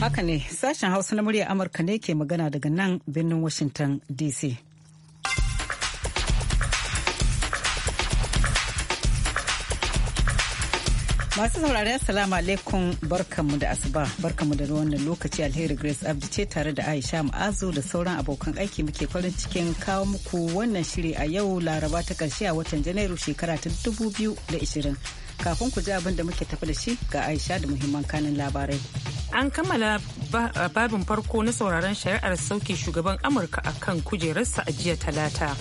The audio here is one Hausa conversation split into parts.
Haka ne sashen Hausa na murya Amurka ne ke magana daga nan birnin Washington DC. Masu saurari Assalamu alaikum barkanmu da asuba barkanmu da wannan lokaci alheri Grace Abdi ce tare da Aisha Ma'azu da sauran abokan aiki muke farin cikin kawo muku wannan shiri a yau Laraba ta karshe a watan Janairu shekara ta 2020. kafin ku ji abin da muke tafi da shi ga aisha da muhimman kanin labarai an kammala babin farko na sauraron shari'ar sauke shugaban amurka a kan kujerarsa a jiya talata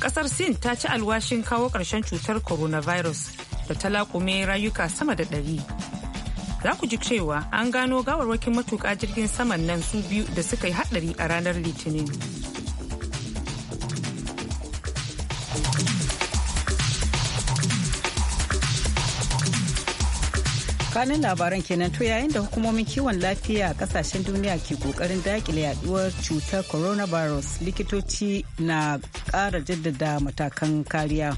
kasar sin ta ci alwashin kawo ƙarshen cutar coronavirus da ta laƙume rayuka sama da ɗari za ku ji cewa an gano gawarwakin matuƙa jirgin saman nan su biyu da suka yi haɗari a ranar litinin kanin labaran kenan to yayin da hukumomin kiwon lafiya a kasashen duniya ke kokarin dakile yaduwar cutar coronavirus likitoci na ƙara jaddada matakan kariya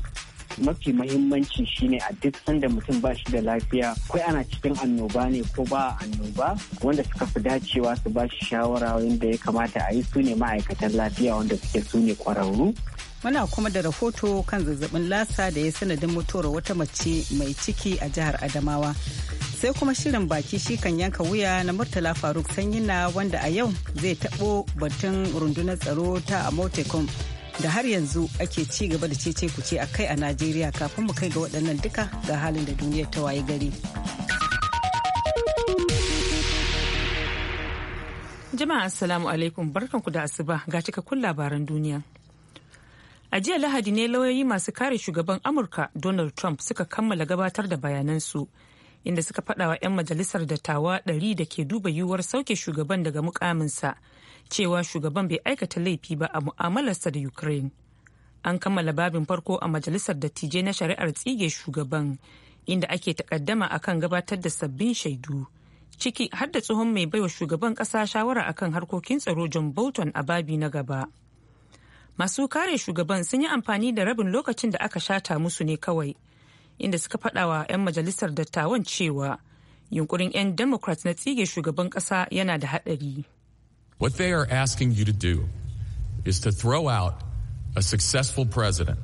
mafi mahimmanci shine a duk sanda mutum ba shi da lafiya kai ana cikin annoba ne ko ba annoba wanda suka fi dacewa su ba shi shawara wanda ya kamata a yi su ne ma'aikatan lafiya wanda suke su ne kwararru muna kuma da rahoto kan zazzabin lasa da ya sanadin mutuwar wata mace mai ciki a jihar adamawa sai kuma shirin baki shi kan yanka wuya na murtala faruk sanyina wanda a yau zai taɓo batun rundunar tsaro ta amotekom da har yanzu ake ci gaba da cece kuce a kai a najeriya kafin mu kai ga waɗannan duka ga halin da duniyar ta waye gari jama'a assalamu alaikum barkanku da asuba ga cikakkun labaran duniya a jiya lahadi ne lauyoyi masu kare shugaban amurka donald trump suka kammala gabatar da bayanansu inda suka faɗawa 'yan majalisar dattawa ɗari da ke duba yiwuwar sauke shugaban daga mukaminsa cewa shugaban bai aikata laifi ba a mu'amalarsa da ukraine an kammala babin farko a majalisar dattijai na shari'ar tsige shugaban inda ake takaddama akan gabatar da sabbin shaidu ciki har da tsohon mai baiwa shugaban ƙasa shawara akan harkokin tsaro john bolton a babi na gaba masu kare shugaban sun yi amfani da rabin lokacin da aka shata musu ne kawai inda suka faɗa wa 'yan majalisar dattawan cewa yunkurin 'yan democrat na tsige shugaban ƙasa yana da haɗari. what they are asking you to do is to throw out a successful president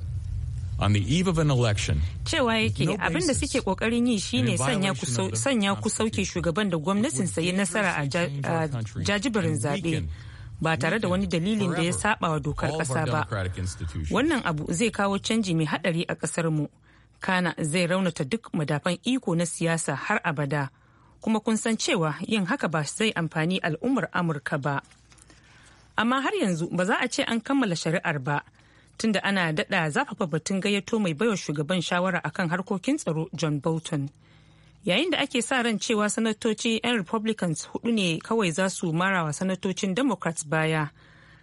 on the eve of an election. Cewa yake abin da suke kokarin yi shine sanya ku sauke shugaban da gwamnatin sayi nasara a jajibirin zabe. ba tare da wani dalilin da ya saba wa dokar ƙasa ba wannan abu zai kawo canji mai haɗari a ƙasar mu kana zai raunata duk madafan iko na siyasa har abada kuma kun san cewa yin haka ba zai amfani al'ummar amurka ba amma har yanzu ba za a ce an kammala shari'ar ba tunda ana daɗa zafafa batun gayyato mai baiwa shugaban shawara akan harkokin tsaro john bolton yayin da ake sa ran cewa sanatoci 'yan republicans hudu ne kawai za su marawa sanatocin democrats baya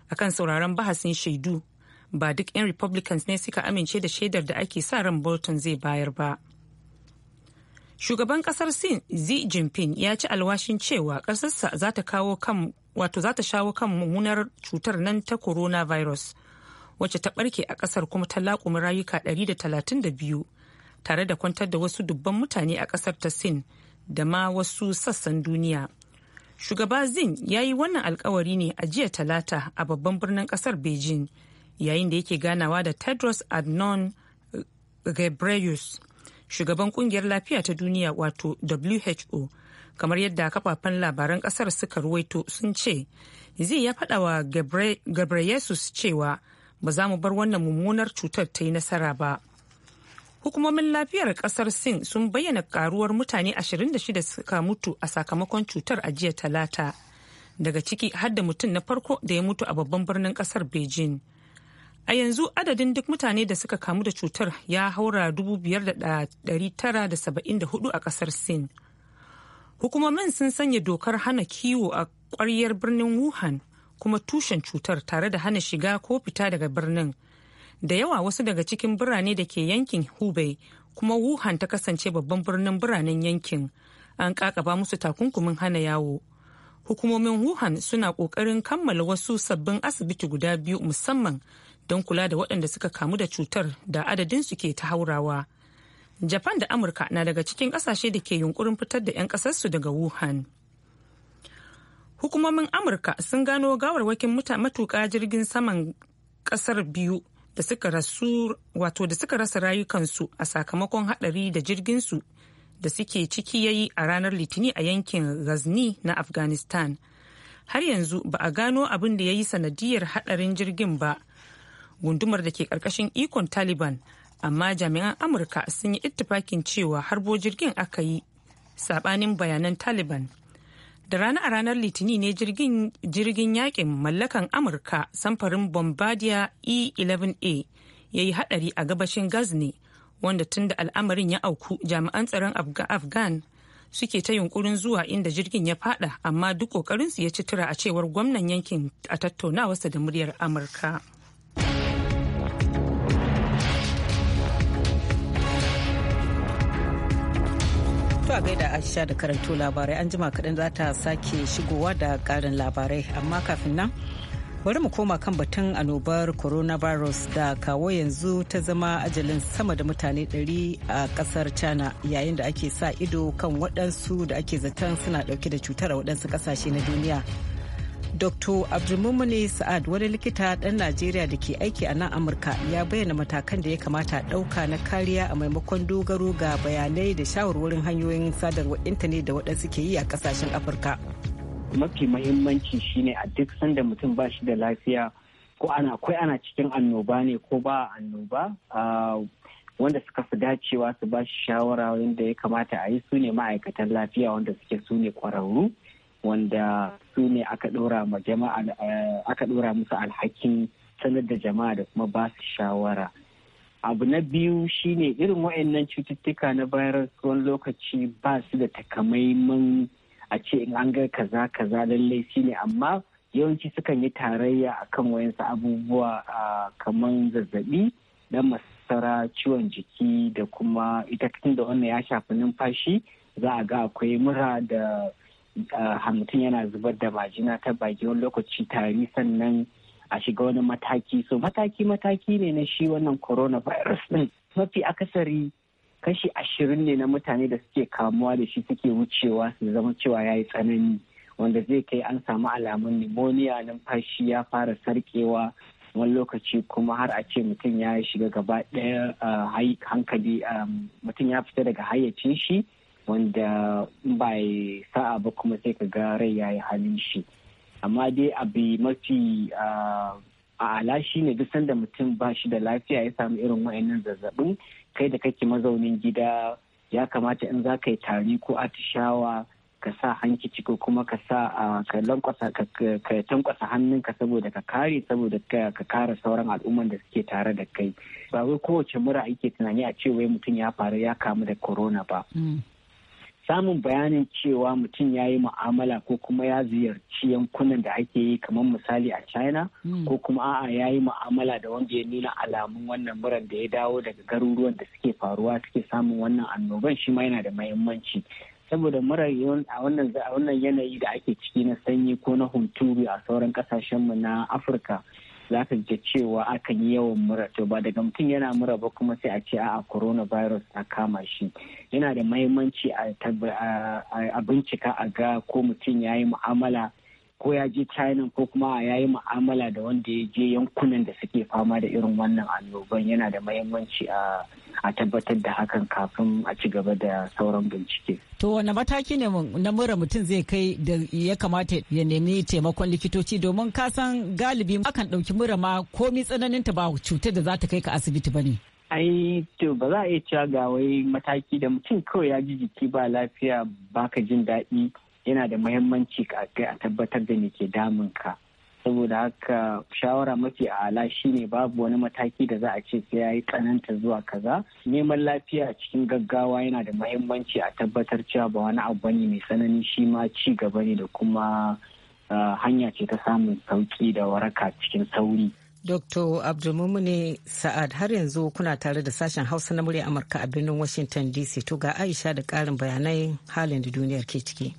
akan sauraron bahasin shaidu ba duk 'yan republicans ne suka amince da shaidar da ake sa ran bolton zai bayar ba shugaban kasar sin xi jinping ya ci alwashin cewa ƙasarsa za ta kawo kan wato za ta shawo kan mummunar cutar nan ta coronavirus wacce ta barke a kasar kuma ta laƙumi rayuka 132 tare da kwantar da wasu dubban mutane a kasar ta sin da ma wasu sassan duniya shugaba zin ya yi wannan alkawari ne a jiya talata a babban birnin kasar beijing yayin da yake ganawa da tedros adnon ghebreyesus shugaban kungiyar lafiya ta duniya wato who kamar yadda kafafen labaran kasar suka ruwaito sun ce zai ya faɗa wa ghebreyesus cewa ba za mu bar wannan mummunar cutar ta yi nasara ba hukumomin lafiyar kasar sin sun bayyana karuwar mutane 26 suka mutu a sakamakon cutar a jiya talata daga ciki har da mutum na farko da ya mutu a babban birnin kasar beijing a yanzu adadin duk mutane da suka kamu da cutar ya haura 5,974 a kasar sin hukumomin sun sanya dokar hana kiwo a kwaryar birnin wuhan kuma tushen cutar tare da hana shiga ko fita daga birnin da yawa wasu daga cikin birane da ke yankin hubei kuma wuhan ta kasance babban birnin biranen yankin an kakaba musu takunkumin hana yawo hukumomin wuhan suna kokarin kammala wasu sabbin asibiti guda biyu musamman don kula da waɗanda suka kamu da cutar da adadin su ke ta haurawa japan da amurka na daga cikin ƙasashe da ke yunkurin fitar da 'yan ƙasarsu daga wuhan hukumomin amurka sun gano gawarwakin matuƙa jirgin saman ƙasar biyu da suka rasu wato da suka rasa rayukansu a sakamakon hadari da jirgin su da suke ciki yayi a ranar litini a yankin ghazni na afghanistan har yanzu ba a gano abin da ya yi sanadiyar hadarin jirgin ba gundumar da ke karkashin ikon taliban amma jami'an amurka sun yi ittifakin cewa harbo jirgin aka yi sabanin bayanan taliban da rana a ranar litini ne jirgin yakin mallakan amurka samfarin bombardier e-11a ya yi hadari a gabashin gazni wanda tun da al'amarin ya auku jami'an tsaron afghan suke ta yunkurin zuwa inda jirgin ya fada amma duk ƙoƙarinsu ya ci tura a cewar gwamnan yankin a tattaunawarsa da muryar amurka. a gaida a sha da karanto labarai an jima kaɗan za ta sake shigowa da ƙarin labarai amma kafin nan bari mu koma kan batun annobar coronavirus da kawo yanzu ta zama ajalin sama da mutane 100 a ƙasar china yayin da ake sa ido kan waɗansu da ake zaton suna ɗauke da cutar a waɗansu ƙasashe na duniya dr abdulmumuni sa'ad wani likita ɗan najeriya da ke aiki a nan amurka ya bayyana matakan da ya kamata ɗauka na kariya a maimakon dogaro ga bayanai da shawarwarin hanyoyin sadarwar intanet da waɗansu ke yi a ƙasashen afirka mafi mahimmanci shine a duk sanda mutum ba shi da lafiya ko ana kwai ana cikin annoba ne ko ba annoba wanda suka fi dacewa su ba shi shawara wanda ya kamata a yi su ne ma'aikatan lafiya wanda suke su ne kwararru wanda su ne aka ɗora ma jama'a eh, aka ɗora musu alhakin sanar da jama'a da kuma ba su shawara abu na biyu shine irin wa'annan cututtuka na virus wani lokaci ba su da takamaiman a ce in an ga kaza kaza lallai shi ne amma yawanci sukan yi tarayya akan wayansu abubuwa kamar zazzabi da masara ciwon jiki da kuma ita da wannan ya shafi numfashi za a ga akwai mura da mutum yana zubar da majina ta baki wani lokaci tari sannan a shiga wani mataki so mataki mataki ne na shi wannan virus din mafi akasari kashi ashirin ne na mutane da suke kamuwa da shi suke wucewa su zama cewa ya yi tsanani wanda zai kai an samu alamun pneumonia numfashi ya fara sarkewa wani lokaci kuma har a ce mutum ya shiga gaba daya hankali um, mutum ya fita daga hayyacin shi wanda ba sa'a ba kuma sai ka ga rai ya yi halin shi amma dai abu mafi a ala shi ne duk sanda mutum ba shi da lafiya ya samu irin wa'annan zazzabin kai da kake mazaunin gida ya kamata in za ka yi tari ko atishawa ka sa hanki ciko kuma ka sa ka tankwasa hannunka saboda ka kare saboda ka kare sauran al'umman da suke tare da kai ba wai kowace mura ake tunani a ce wai mutum ya faru ya kamu da corona ba mm. samun bayanin cewa mutum ya yi mu'amala ko kuma ya ziyarci yankunan da ake yi kamar misali a china hmm. ko kuma a'a ya yi mu'amala da wanda ya nuna alamun wannan muran da ya dawo daga garuruwan da suke faruwa suke samun wannan annoban shi ma yana da mahimmanci saboda murar a wannan yanayi da ake ciki na sanyi ko na hunturu a sauran kasashenmu na afirka za ka ji cewa akan yi yawan mura to ba daga mutum yana mura ba kuma sai a ce a coronavirus a kama shi yana da mahimmanci a bincika a ga ko mutum ya yi mu'amala ko ya je china ko kuma ya yi mu'amala da wanda ya je yankunan da suke fama da irin wannan annoban yana da mahimmanci a tabbatar da hakan kafin a ci gaba da sauran bincike to wane mataki ne na mura mutum zai kai da ya kamata ya nemi taimakon likitoci domin kasan galibi akan ɗauki mura ma komi ta ba cutar da za ta kai ka asibiti ba ne ai to ba za a iya cewa ga wai mataki da mutum kawai ya ji jiki ba lafiya baka jin daɗi yana da muhimmanci a tabbatar da me ke damun ka saboda haka shawara mafi ala shine babu wani mataki da za a ce sai ya yi tsananta zuwa kaza neman lafiya cikin gaggawa yana da mahimmanci a tabbatar cewa ba wani abu bane mai tsanani shi ma ci gaba ne da kuma ah, hanya ce ta samun sauki da waraka cikin sauri Dr. Abdulmumuni Sa'ad har yanzu kuna tare da sashen Hausa na murya Amurka a birnin Washington DC to ga Aisha da ƙarin bayanai halin da duniyar ke ciki.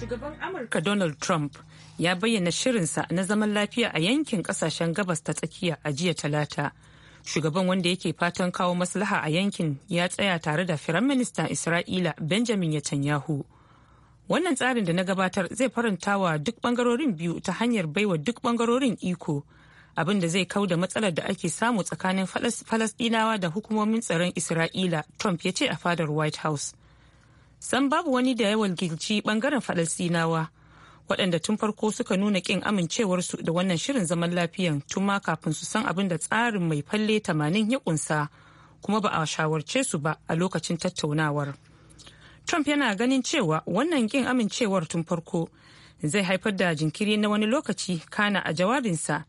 Shugaban Amurka Donald Trump ya bayyana shirinsa na zaman lafiya a yankin kasashen gabas ta tsakiya a jiya talata. Shugaban wanda yake fatan kawo maslaha a yankin ya tsaya tare da Firaministan Isra'ila Benjamin Netanyahu. Wannan tsarin da na gabatar zai faranta wa duk bangarorin biyu ta hanyar baiwa duk bangarorin iko. abin da zai kauda matsalar da ake samu tsakanin falasdinawa da hukumomin tsaron isra'ila trump ya ce a fadar white house san babu wani da yawan gilci bangaren falasdinawa waɗanda tun farko suka nuna ƙin amincewarsu da wannan shirin zaman lafiyan tun ma kafin su san abin da tsarin mai falle tamanin ya kunsa kuma ba a shawarce su ba a lokacin tattaunawar trump yana ganin cewa wannan ƙin amincewar tun farko zai haifar da jinkiri na wani lokaci kana a jawabinsa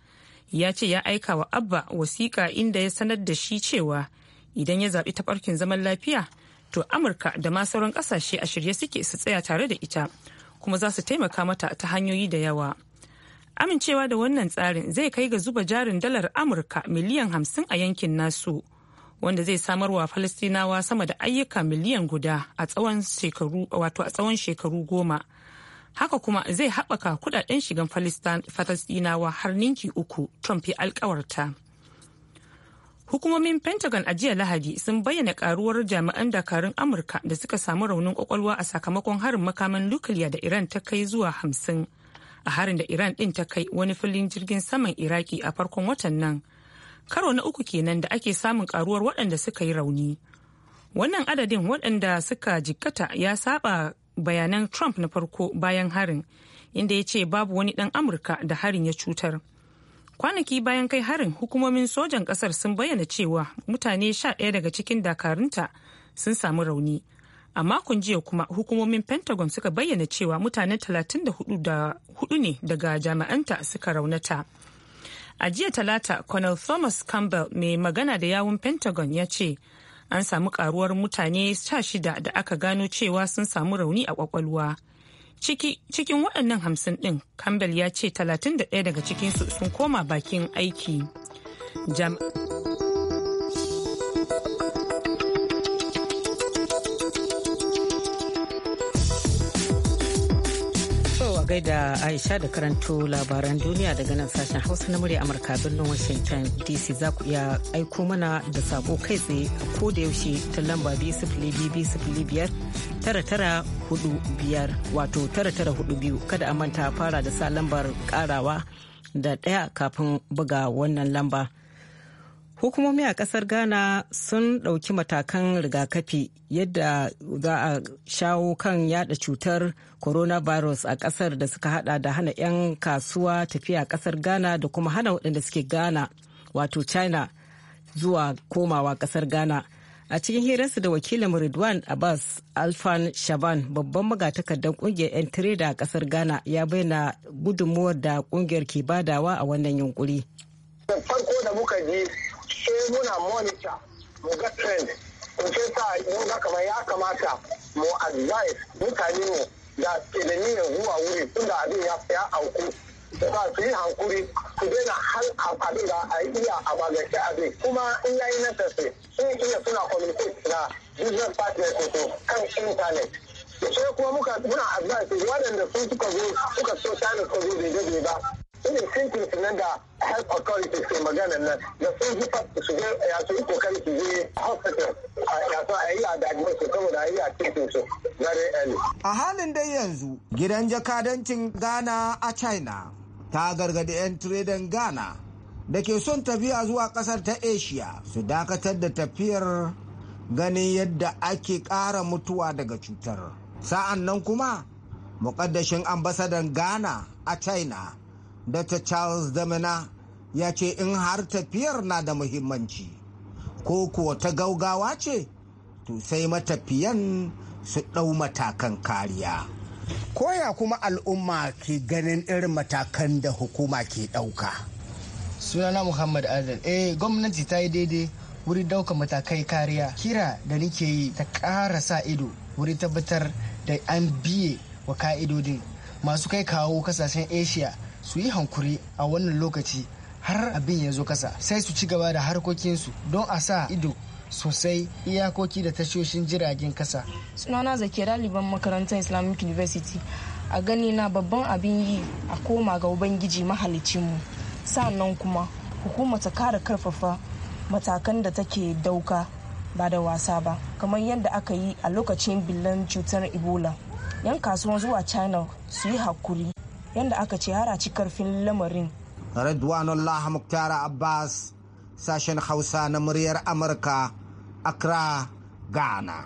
ya ce ya aika wa abba wasiƙa inda ya sanar da shi cewa idan ya zaɓi tafarkin zaman lafiya to amurka da ma sauran ƙasashe a shirye suke su tsaya tare da ita kuma za su taimaka mata ta hanyoyi da yawa amincewa da wannan tsarin zai kai ga zuba jarin dalar amurka miliyan hamsin a yankin nasu wanda zai samar wa falastinawa sama da ayyuka miliyan guda wato a tsawon shekaru goma haka kuma zai haɓaka kudaden shigan falastinawa har ninki uku trump ya alkawarta hukumomin pentagon a jiya lahadi sun bayyana karuwar jami'an dakarun amurka da suka samu raunin kwakwalwa a sakamakon harin makaman nukiliya da iran ta kai zuwa hamsin a harin da iran din ta kai wani filin jirgin saman iraki a farkon watan nan karo na uku kenan da ake samun karuwar waɗanda suka yi rauni wannan adadin waɗanda suka jikkata ya saba bayanan Trump na farko bayan harin, inda ya ce babu wani ɗan Amurka da harin ya cutar. Kwanaki bayan kai harin hukumomin sojan ƙasar sun bayyana cewa mutane sha ɗaya daga cikin dakarunta sun samu rauni. A makon jiya kuma hukumomin Pentagon suka bayyana cewa mutane hudu ne daga jami'anta suka raunata. A jiya talata, Colonel Thomas Campbell mai magana da yawun Pentagon ya ce, an samu karuwar mutane sha shida da aka gano cewa sun samu rauni a kwakwalwa cikin waɗannan hamsin ɗin campbell ya ce talatin da ɗaya daga cikinsu sun koma bakin aiki da Aisha da karanto labaran duniya daga nan sashen Hausa na murya Amurka birnin Washington DC za ku iya aiko mana da sako kai tsaye ko da yaushe ta lamba biyar tara tara hudu biyar wato tara tara hudu biyu kada a manta fara da sa lambar karawa da ɗaya kafin buga wannan lamba. hukumomi a kasar ghana sun ɗauki matakan rigakafi yadda za a shawo kan yada cutar coronavirus a kasar da suka hada da hana 'yan kasuwa tafiya kasar ghana da kuma hana waɗanda suke ghana wato china zuwa komawa kasar ghana a cikin hirarsa da wakilin ridwan abbas alfan shaban babban magatakardar kungiyar 'yan tireda a kasar ghana ya bayyana gudunmuwar da kungiyar ke badawa a wannan yunkuri farko da muka ji sai eh, muna monitor mu ga trend kun ce sa mun ga kamar ya kamata mu advise mutane mu da ilimi ya zuwa wuri tunda abin ya ya auku ba su yi hankuri su daina har abin da a iya a magance abin kuma in yayi tafi sun iya suna communicate na business partners ko kan internet sai kuma muka muna advise waɗanda sun suka zo suka so china suka zo bai ba irin sinkins nan da health authorities ke magana nan da sun ji fat su je ya su yi kokari su je hospital ya su a yi a diagnosis saboda a yi a cikin su very early. A halin dai yanzu gidan jakadancin Ghana a China ta gargadi 'yan tiredan Ghana da ke son tafiya zuwa kasar ta Asia su dakatar da tafiyar ganin yadda ake ƙara mutuwa daga cutar. Sa'an nan kuma, muƙaddashin ambasadan Ghana a China Dr. Charles Damina ya ce in har tafiyar na da muhimmanci ko kuwa ta gaugawa ce to sai matafiyan su ɗau matakan kariya. Koya kuma al'umma ke ganin irin matakan da hukuma ke ɗauka. Sunana Muhammad Adal, eh gwamnati ta yi daidai wuri ɗaukar matakai kariya. Kira da nike yi ta ƙara sa ido wuri tabbatar da an biye wa ka'idodin masu kai kawo kasashen Asia su yi hankuri a wannan lokaci har abin ya zo kasa sai su ci gaba da harkokinsu don a sa ido sosai iyakoki da tashoshin jiragen kasa. sunana zake ɗaliban makarantar islamic university a gani na babban abin yi a koma ga ubangiji mahalicinmu sannan kuma hukuma ta kara karfafa matakan da take dauka ba da wasa ba kamar yadda aka yi a lokacin billan cutar ebola yan kasuwan zuwa china su yi hakuri yadda aka ce har a ci karfin lamarin Radwanullah Muktara Abbas sashen Hausa na muryar Amurka Accra Ghana.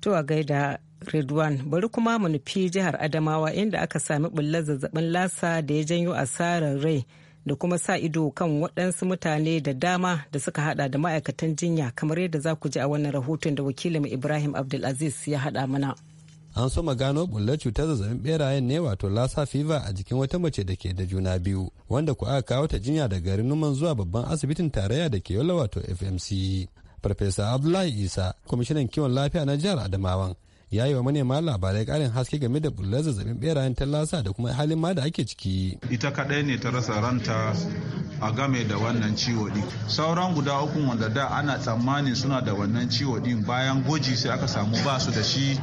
To a gaida Redwan bari kuma mu nufi jihar Adamawa inda aka sami bullar zazzabin lasa da ya janyo asarar rai da kuma sa ido kan waɗansu mutane da dama da suka hada da ma'aikatan jinya kamar yadda za ku ji a wannan rahoton da wakilin Ibrahim Abdulaziz ya hada mana. an soma gano bullar cutar zazzabin berayen ne wato lasa fever a jikin wata mace da ke da juna biyu wanda ku aka kawo ta jinya da garin numan zuwa babban asibitin tarayya da ke yola wato fmc farfesa abdullahi isa kwamishinan kiwon lafiya na jihar adamawan ya yi wa manema labarai karin haske game da bullar zazzabin berayen tallasa da kuma halin ma da ake ciki ita kadai ne ta rasa ranta a game da wannan ciwo din sauran guda uku wanda da ana tsammanin suna da wannan ciwo din bayan goji sai aka samu basu da shi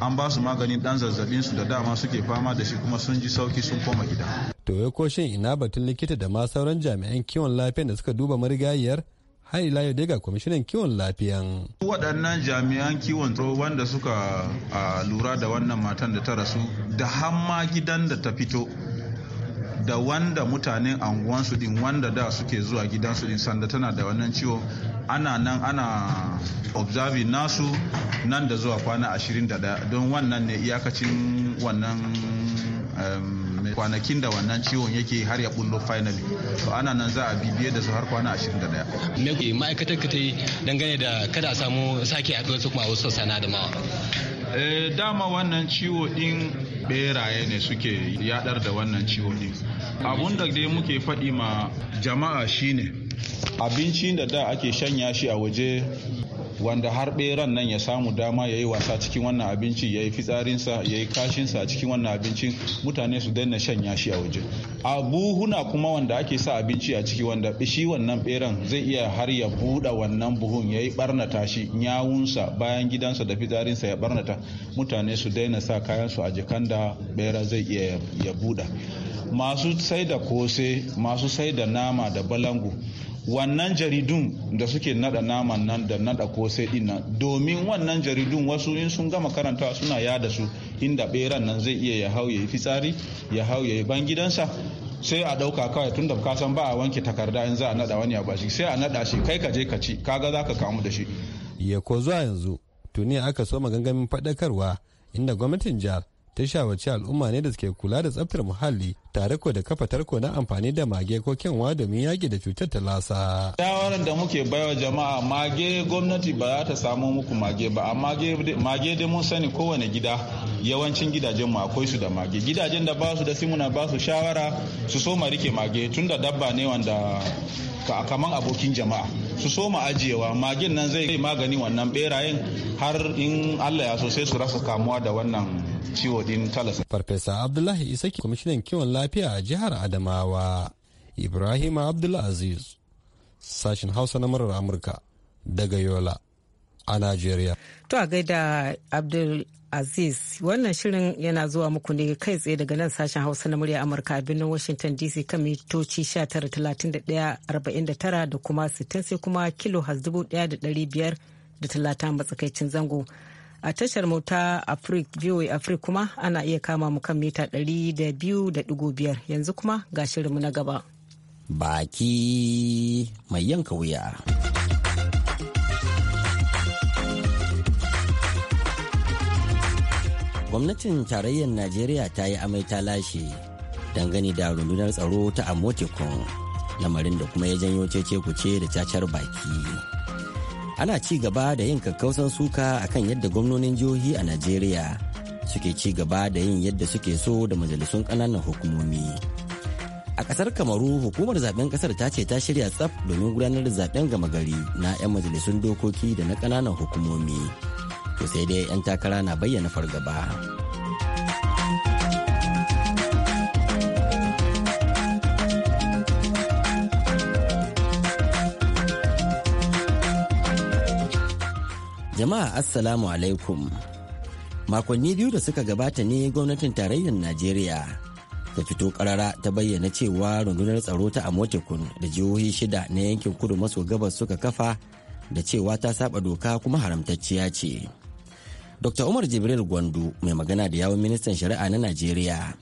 an ba su maganin dan zazzabin su da dama suke fama da shi kuma sun ji sauki sun koma gida to ya ko shin ina batun likita da ma sauran jami'an kiwon lafiyan da suka duba marigayiyar Hai layo daga kwamishinan kiwon lafiyan. waɗannan jami'an kiwon tsaro wanda suka lura da wannan matan da ta rasu da hamma gidan da ta fito da wanda mutanen anguwansu din wanda da suke zuwa gidansu din sanda tana da wannan ciwo ana nan ana observing nasu nan da zuwa kwana 21 don wannan ne iyakacin wannan kwanakin da wannan ciwon yake har ya bullo finally to ana nan za a bibiye da su har kwana 21 me ma'aikatar ka ta yi dangane da kada a samu sake yaduwar su kuma a wasu sana da mawa Eh, dama wannan ciwo din beraye ne suke yadar da wannan ciwo din abun da dai muke faɗi ma jama'a shine abinci da da ake shanya shi a waje wanda har beran nan ya samu dama ya yi wasa cikin wannan abinci ya yi fitsarinsa ya yi kashinsa a cikin wannan abincin mutane su daina shan yashi a waje a buhuna kuma wanda ake sa abinci a ciki wanda shi wannan beran zai iya har ya buɗe wannan buhun ya yi barnata shi nyawunsa bayan gidansa da fitsarinsa ya barnata mutane su daina sa kayansu a jikan da bera zai iya ya buɗe masu sai kose masu sai da nama da balangu wannan jaridun da suke nada naman nan da nada kosai din nan domin wannan jaridun wasu in sun gama karanta suna yada su inda beran nan zai iya ya hau ya yi fitsari ya hau ya yi ban gidansa sai a ɗauka kawai tun da kasan ba a wanke takarda in za a nada wani abu sai a nada shi kai ka je ka ci kaga za ka kamu da shi ya ko zuwa yanzu tuni aka so gangamin faɗakarwa inda gwamnatin jihar ta shawarci al'umma ne da suke kula da tsaftar muhalli tare ko da kafa tarko na amfani da mage ko kyanwa domin yaƙi da cutar ta lasa. Shawarar da muke baiwa jama'a mage gwamnati ba za ta samu muku mage ba amma mage dai mun sani kowane gida yawancin gidajen mu akwai su da mage gidajen da basu da simuna ba su shawara su soma rike mage tunda dabba ne wanda Ka kaman abokin jama'a su so soma ajiyewa magin nan zai magani wannan berayen har in allah ya so sai su rasa kamuwa da wannan ciwo din talasa farfesa abdullahi isaki kwamishinan kiwon lafiya a jihar adamawa ibrahim abdulaziz sashen hausa na murar amurka daga yola a Najeriya. To a gaida Abdul Aziz. Wannan shirin yana zuwa muku ne kai tsaye daga nan sashen Hausa na murya Amurka a birnin Washington DC kan mitoci 1931 da kuma 60 sai kuma kilo da talata matsakaicin zango. A tashar mota Afrik VOA Afrik kuma ana iya kama mu kan mita 200.5 yanzu kuma ga shirin mu na gaba. Baki mai yanka wuya. gwamnatin tarayyar najeriya ta yi amai ta lashe gani da rundunar tsaro ta amotekun lamarin da kuma ya janyo cece kuce da cacar baki ana ci gaba da yin kakkausan suka akan yadda gwamnonin jihohi a najeriya suke ci gaba da yin yadda suke so da majalisun ƙananan hukumomi a ƙasar kamaru hukumar zaben ƙasar ta ce ta shirya tsaf domin gudanar da zaben gama gari na 'yan majalisun dokoki da na ƙananan hukumomi to sai dai 'yan takara na bayyana fargaba jama'a assalamu alaikum makonni biyu da suka gabata ne gwamnatin tarayyar najeriya ta fito karara ta bayyana cewa rundunar tsaro ta amotekun da jihohi shida na yankin kudu maso gabas suka kafa da cewa ta saba doka kuma haramtacciya ce dr umar jibril gwandu mai magana da yawon ministan shari'a na najeriya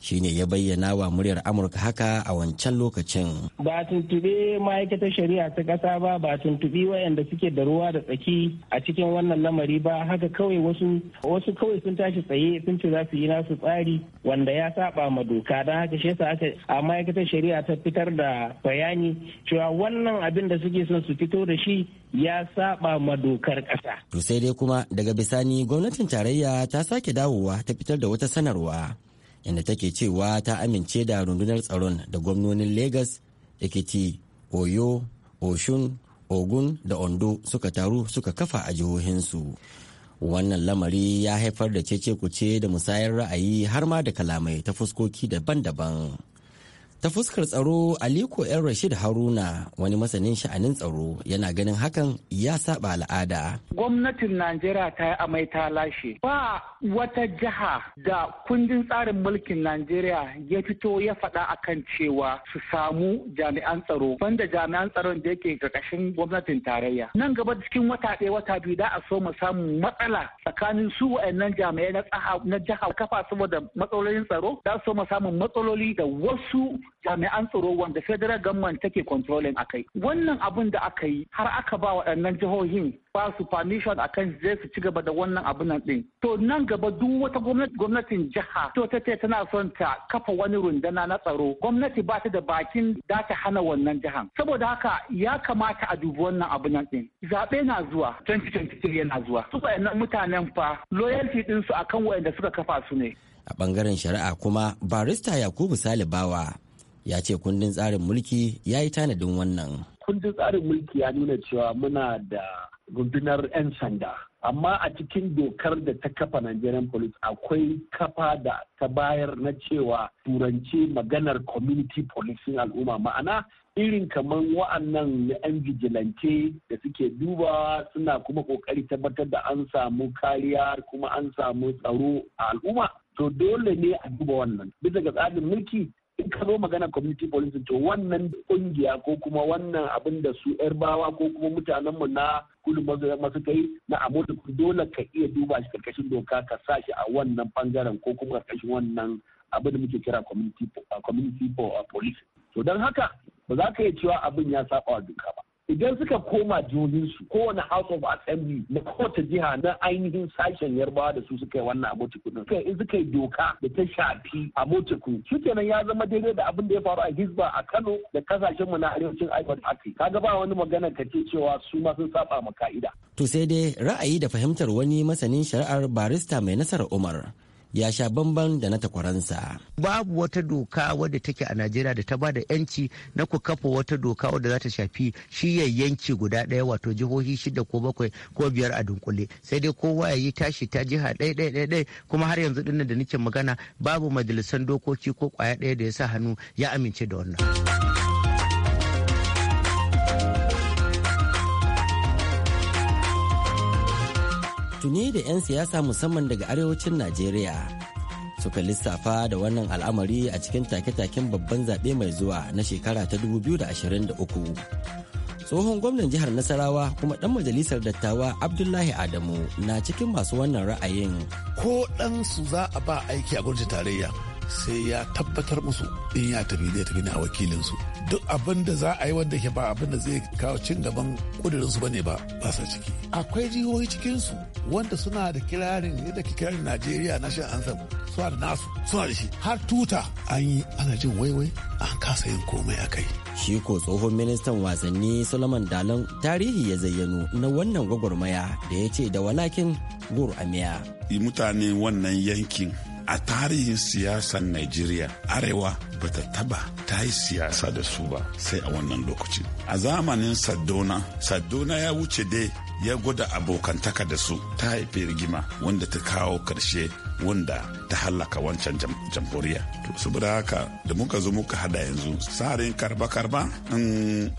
shine ya bayyana wa muryar amurka haka a wancan lokacin ba tuntube ma'aikatar shari'a ta ƙasa ba ba tuntubi wayanda suke da ruwa da tsaki a cikin wannan lamari ba haka kawai wasu wasu kawai sun tashi tsaye sun ce za su yi nasu tsari wanda ya saba ma doka don haka shi yasa aka a ma'aikatar shari'a ta fitar da bayani cewa wannan abin da suke son su fito da shi ya saba ma dokar ƙasa to sai dai kuma daga bisani gwamnatin tarayya ta sake dawowa ta fitar da wata sanarwa inda take cewa ta amince da rundunar tsaron da gwamnonin Legas, Ekiti, Oyo, Oshun, Ogun da Ondo suka taru suka kafa a jihohinsu. Wannan lamari ya haifar da cece kuce da musayar ra'ayi har ma da kalamai ta fuskoki daban-daban. ta fuskar tsaro aliko yan rashid haruna wani masanin sha'anin tsaro yana ganin hakan ya saba al'ada gwamnatin najeriya ta yi amai ta lashe ba wata jiha da kundin tsarin mulkin najeriya ya fito ya faɗa akan cewa su samu jami'an tsaro banda jami'an tsaron da yake ƙarƙashin gwamnatin tarayya nan gaba cikin wata ɗaya wata biyu da a so mu samu matsala tsakanin su wa'annan jami'ai na jiha kafa saboda matsalolin tsaro da so mu samu matsaloli da wasu jami'an tsaro wanda federal government take controlling kai. wannan abun da aka yi har aka ba waɗannan jihohin ba su permission akan zai su ci gaba da wannan abun nan din to nan gaba duk wata gwamnatin jiha to ta ce tana son ta kafa wani rundana na tsaro gwamnati ba ta da bakin da ta hana wannan jihan saboda haka ya kamata a dubi wannan abun nan ɗin. zaɓe na zuwa 2023 yana zuwa su waɗannan mutanen fa loyalty din su akan waɗanda suka kafa su ne a bangaren shari'a kuma barista yakubu salibawa ya ce kundin tsarin mulki ya yi tanadin wannan. Kundin tsarin mulki ya nuna cewa muna da rundunar 'yan sanda. Amma a cikin dokar da ta kafa Nigerian Police akwai kafa da ta bayar na cewa turance maganar community policing al'umma ma'ana irin kamar wa'annan na yan vigilante da suke duba suna kuma kokari tabbatar da an samu kariya kuma an samu tsaro a al'umma to dole ne a duba wannan bisa ga tsarin mulki in ka zo magana community policing to wannan kungiya ko kuma wannan abin da su yarbawa ko kuma mutanenmu na kudu masu kai na amurka dole ka iya duba shi karkashin doka ka sa shi a wannan bangaren ko kuma karkashin wannan abin da muke kira community uh, policing to don haka ba za ka iya cewa abin ya saba wa duka ba idan suka koma jihohinsu kowane house of assembly na kowace jiha na ainihin sashen yarbawa da su suka yi wannan abotiku din suka in suka yi doka da ta shafi abotiku shi kenan ya zama daidai da abin da ya faru a hizba a kano da kasashen mu na arewacin ivory Ka ga ba wani magana ka ce cewa su ma sun saba ma ka'ida to sai dai ra'ayi da fahimtar wani masanin shari'ar barista mai nasarar umar ya sha bamban da na takwaransa. Babu wata doka wadda take a Najeriya da ta ba da yanci na ku kafa wata doka wadda za ta shafi shi yanki guda ɗaya wato jihohi shida ko bakwai ko biyar a dunkule sai dai kowa ya yi tashi ta jiha ɗaya ɗaya ɗaya ɗaya kuma har yanzu dinnan da nake magana babu majalisan dokoki ko ƙwaya ɗaya da ya sa hannu ya amince da wannan. tuni da 'yan siyasa musamman daga arewacin najeriya suka lissafa da wannan al'amari a cikin take-taken babban zaɓe mai zuwa na shekara ta 2023 tsohon gwamnan jihar nasarawa kuma ɗan majalisar dattawa abdullahi adamu na cikin masu wannan ra'ayin ko ɗansu za a ba aiki a gwamnati tarayya sai ya tabbatar musu in ya tafi zai tafi na a wakilinsu duk abin da za a yi wanda ke ba abin da zai kawo cin gaban kudurinsu bane ba ba sa ciki akwai jihohi cikinsu wanda suna da kirarin yadda ke kirarin najeriya na shan suna da nasu suna da shi har tuta an yi ana jin waiwai an kasa yin komai a kai shi ko tsohon ministan wasanni solomon dalon tarihi ya zayyano na wannan gwagwarmaya da ya ce da walakin gur amiya mutane wannan yankin a tarihin siyasar Najeriya arewa bata taba ta yi siyasa da su ba sai a wannan lokacin. A zamanin Saddona, Saddona ya wuce dai ya gwada abokantaka da su ta haifi rigima wanda ta kawo karshe wanda ta hallaka wancan jamhuriya to saboda haka da muka zo muka hada yanzu tsarin karba-karba in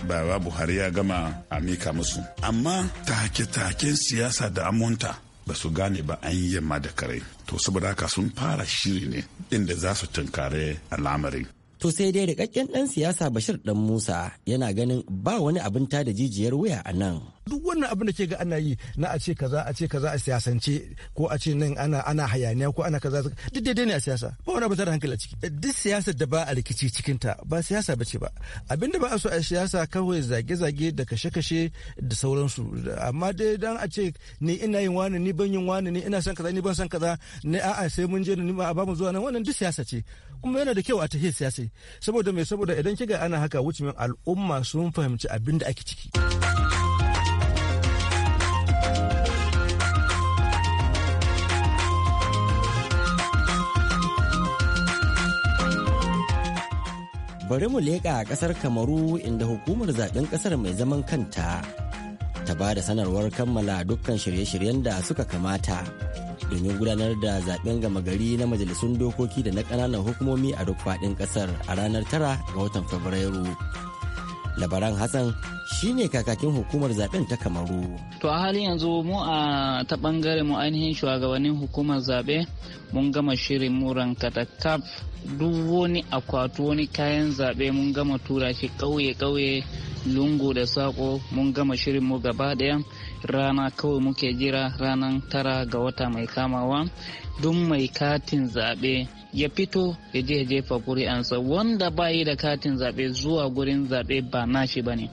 baba buhari ya gama a musu amma take-taken siyasa da amonta ba su gane ba an yi yamma da kare to saboda haka sun fara shiri ne inda za su tunkare al'amarin to sai dai rikakken dan siyasa bashir dan musa yana ganin ba wani abin ta da jijiyar wuya a nan duk wannan abin da ke ga ana yi na a ce kaza a ce kaza a siyasance ko a ce nan ana ana hayaniya ko ana kaza duk daidai ne a siyasa ba wani abu da hankali a ciki duk siyasar da ba a rikici cikin ta ba siyasa bace ba abinda ba a so a siyasa kawai zage-zage da kashe-kashe da sauransu amma dai dan a ce ni ina yin wani ni ban yin wani ni ina son kaza ni ban son kaza ni a'a sai mun je ni ba mu zuwa nan wannan duk siyasa ce kuma yana da kyau a tahiyar siyasa saboda mai saboda idan kiga ana haka wuce al'umma sun fahimci abin da ake ciki. bari mu leƙa a ƙasar kamaru inda hukumar zaɓen ƙasar mai zaman kanta ta ba da sanarwar kammala dukkan shirye-shiryen da suka kamata domin gudanar da zaɓen gama gari na majalisun dokoki da na ƙananan hukumomi a duk faɗin ƙasar a ranar tara ga watan fabrairu labaran hassan shine kakakin hukumar zaɓen ta kamaru to a halin yanzu mu a ta ɓangare mu ainihin shugabannin hukumar zaɓe. mun gama shirin muran katakaf duk wani akwatu wani kayan zaɓe mun gama tura shi ƙauye kauye lungu da sako mun gama shirin mu gaba ɗaya rana kawai muke jira ranar tara ga wata mai kamawa duk mai katin zaɓe ya fito ya je jefa ansa wanda bayi da katin zaɓe zuwa gurin zaɓe ba nashi ba ne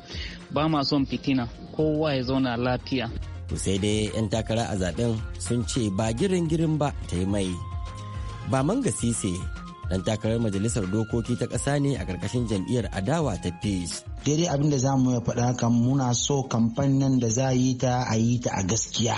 ba ma son fitina kowa ya zauna lafiya sai dai 'yan takara a zaben sun ce ba girin girin ba ta yi mai ba manga sise dan takarar majalisar dokoki ta kasa ne a ƙarƙashin jam'iyyar adawa ta peace daidai abin da za mu ya faɗa kan muna so kamfanin nan da za yi ta a yi ta a gaskiya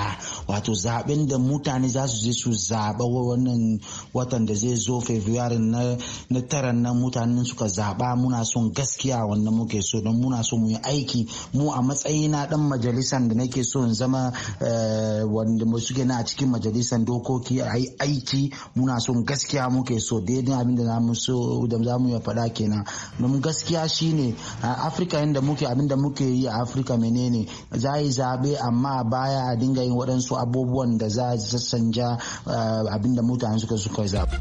wato zaɓen da mutane za su je su zaɓa wannan watan da zai zo february na na taran nan mutanen suka zaɓa muna son gaskiya wannan muke so don muna so mu yi aiki mu a matsayi na ɗan majalisan da nake so in zama eh, wanda suke na a cikin majalisan dokoki a yi aiki muna son gaskiya muke so daidai abin da zamu so da zamu ya faɗa kenan domin gaskiya shine a Afirka yanda muke abin da muke yi a Afirka menene za yi zabe amma baya a dinga yin waɗansu abubuwan da za a sanja eh, abin da mutane suka suka zabe.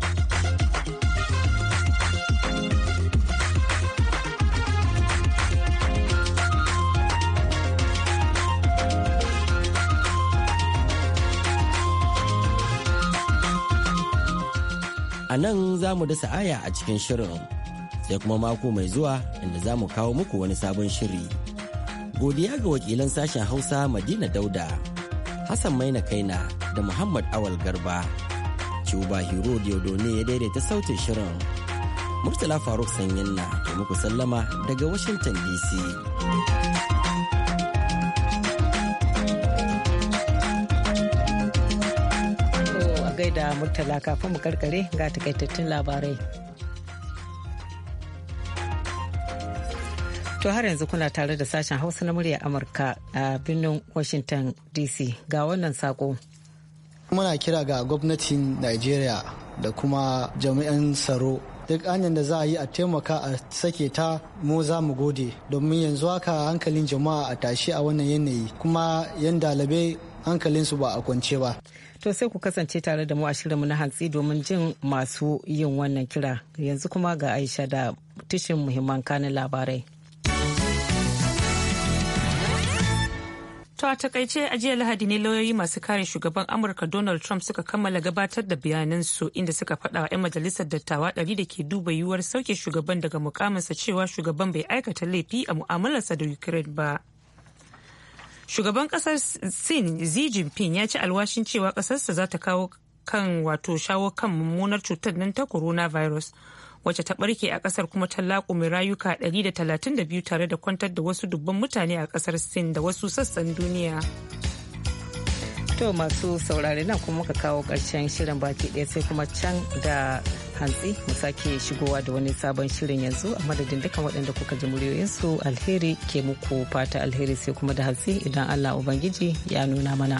A nan za mu dasa aya a cikin shirin sai kuma mako mai zuwa inda za mu kawo muku wani sabon shiri. Godiya ga wakilan sashen Hausa Madina Dauda, Hassan Maina Kaina da Muhammad Awal Garba. Cuba Hero ne ya daidaita sautin shirin. Murtala Faruk Sanyin na muku sallama daga Washington DC. da murtala kafin mu karkare ga takaitattun labarai To har yanzu kuna tare da sashen Hausa na murya Amurka a birnin Washington DC ga wannan sako. Muna kira ga gwamnatin Najeriya da kuma jami'an tsaro duk anyan da za a yi a taimaka a sake ta mu za mu gode domin yanzu haka hankalin jama'a a tashi a wannan yanayi kuma yan dalibai hankalinsu ba a kwance ba. To sai ku kasance tare da mu a shirinmu na hantsi domin jin masu yin wannan kira. Yanzu kuma ga Aisha da tushen muhimman kanin labarai. ta a takaice a jiya Lahadi ne lauyoyi masu kare shugaban Amurka Donald Trump suka kammala gabatar da bayanansu inda suka faɗa wa 'yan majalisar dattawa ɗari da ke duba yiwuwar sauke shugaban daga mukaminsa cewa shugaban bai aikata laifi a mu'amalarsa da Ukraine ba. shugaban kasar sin xi jinping ya ci alwashin cewa kasarsa za ta kawo kan wato shawo kan mummunar cutar nan ta coronavirus wacce ta barke a kasar kuma ta laƙume rayuka 132 tare da kwantar da wasu dubban mutane a kasar sin da wasu sassan duniya to masu saurare nan kuma muka kawo ƙarshen shirin baki ɗaya sai kuma can da hantsi mu sake shigowa da wani sabon shirin yanzu a madadin dukkan waɗanda kuka ji muryoyinsu alheri ke muku fata alheri sai kuma da hantsi idan allah ubangiji ya nuna mana.